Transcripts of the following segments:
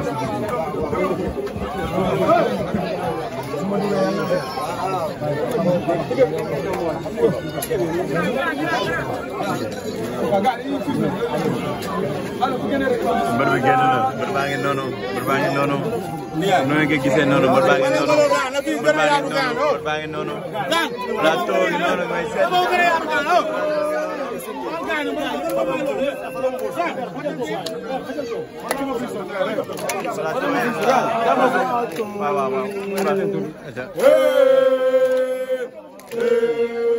mbër bi génn na mbër baa ngi noonu mbër baa ngi noonu noonu nga gisee noonu mbër baa ngi noonu mbër baa ngi noonu mbër baa ngi noonu plateau noonu mooy seet waaw waaw waaw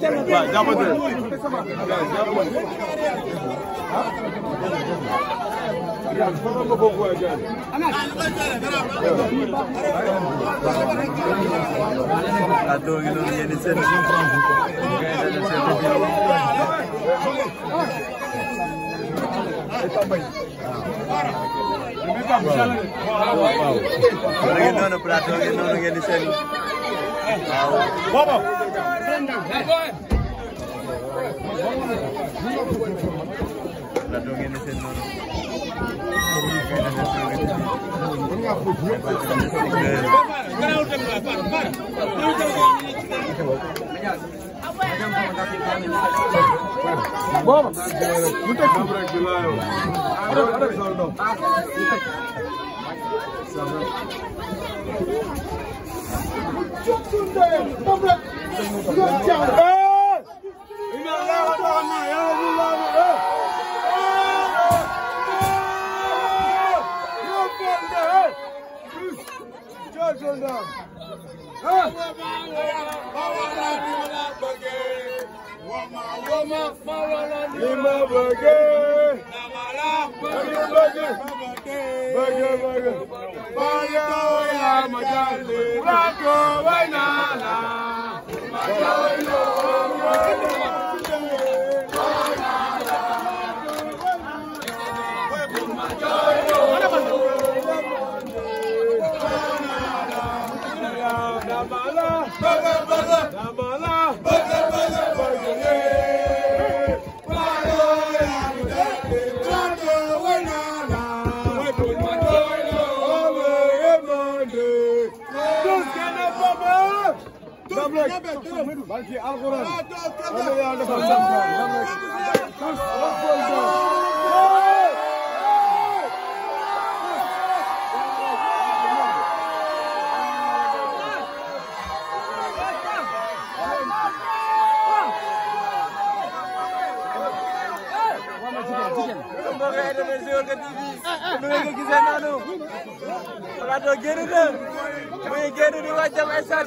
Jàppante waaw waaw. Bom, Lima burger. Burger, burger. Burger, burger. Fire, oya, majali. Rako, wainala. Majoyo, Damala, Damala, Damala, Damala, Kalau ada geru tu, mungkin geru di wajah esar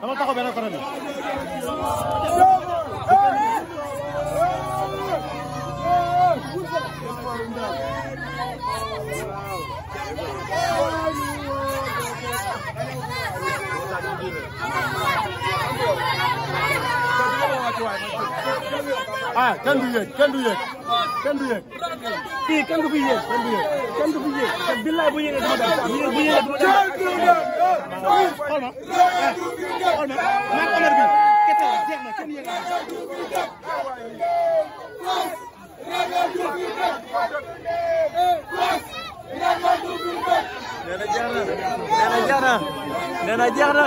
dama taxaw benn côté ah kenn du yéeg kenn du yéeg kenn du yéeg. fii kenn du fi yéeg kenn du yéeg kenn du fi yéeg te billaay bu yéegee dama daal bu yéegee dama daal. Eh. Nena jeex na nena jeex na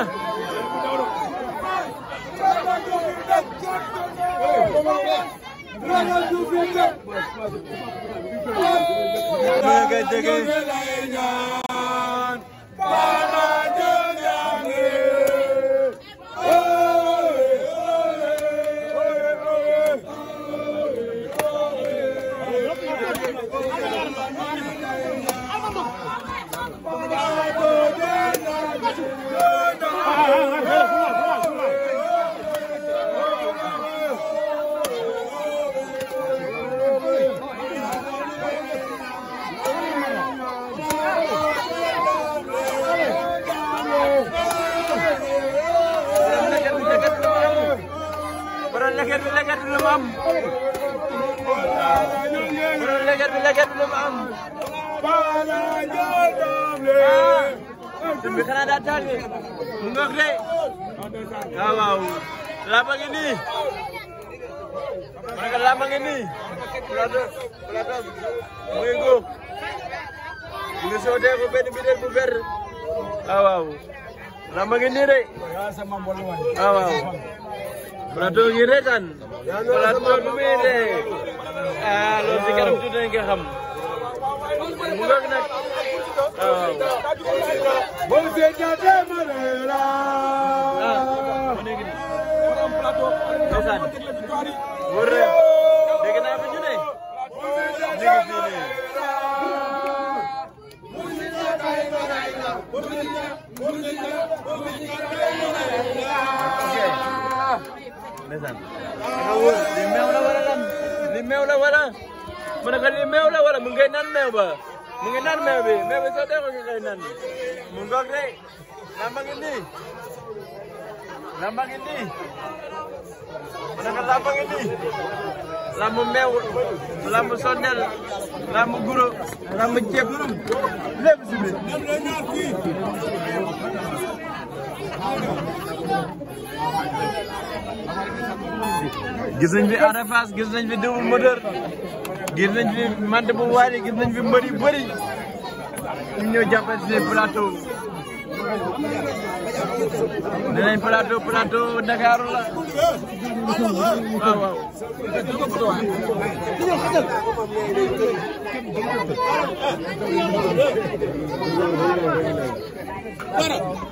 leger bi leger bi lu mu leger bi leger bi lu mu am. bi xanaa daa taal bi mu ngoog de waaw waaw lamba ngi nii man lamba ngi nii plateau plateau muy plateau ngi reetaan plateau du muy ree ah loolu si kanam tuuti nañ ko xam mu bëgg nag waaw. mu ne ko lii meew mu ngi nan meew ba mu ngi nan meew bi meew bi soo dee ko nga koy nan mu ngoog lamba ngi nii lamba ngi nii lamba ngi nii lamb meew lamb guro lamb ceeb lépp si biir gis nañ fi Ada Fass gis nañ fi Double Moteur gis nañ fi Mante bu Waly gis nañ fi mbër yu bëri ñu ñëw jàppale ci plateau nee nañ plateau plateau Dakar la waaw waaw.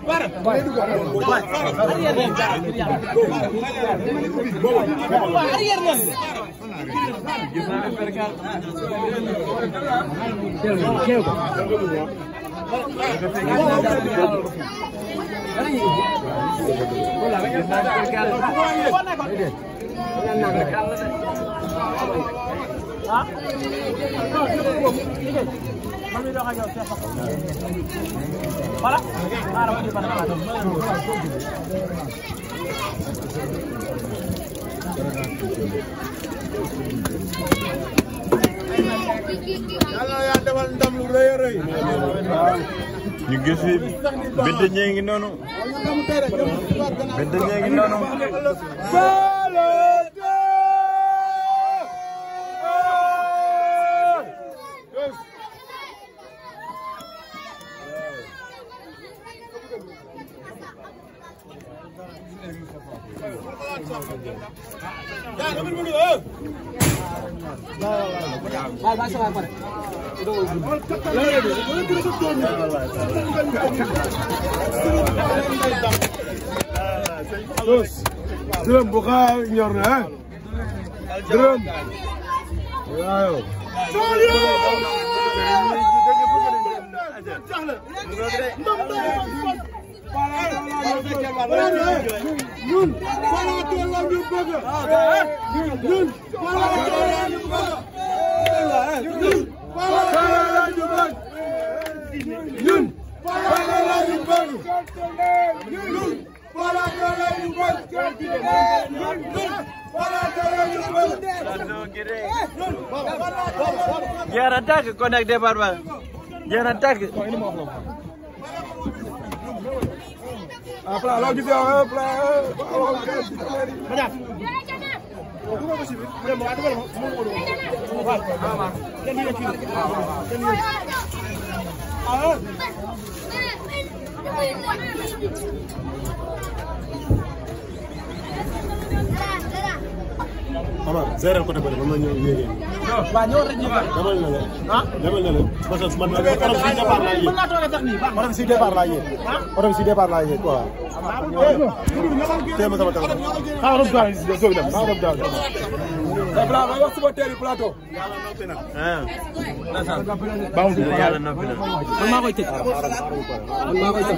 para para arrière Voilà. Ah, ndam lu rëy a rëy ñu gis ni bedd ñee ngi noonu Ya, kamu dulu. Ya, ya, ya. Baik, baik, baik. sos dërëm bu ka ñor na hein dërëm waaw ñun takk kon ak départ ba jeex na takk ah Pla loo gisee waaw Pla waaw Pla. Amar zéro côté bële ba ma ñëw léegi. waaw ñëwal rek ñu baax. demal na leen. ah demal na leen. parce que man man oto bi si départ laa yéeg. oto bi si départ laa yéeg. oto bi si départ laa yéeg quoi. téema sama téléphone. ah Rob Daal di soog dem ah Rob Daal. te balaa may wax suba teeli plateau. yàlla noppi na. ah. yàlla noppi na. man maa koy tëj. man ah, maa koy tëj.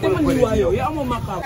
dimbali waaye yow yaa amoo maqaam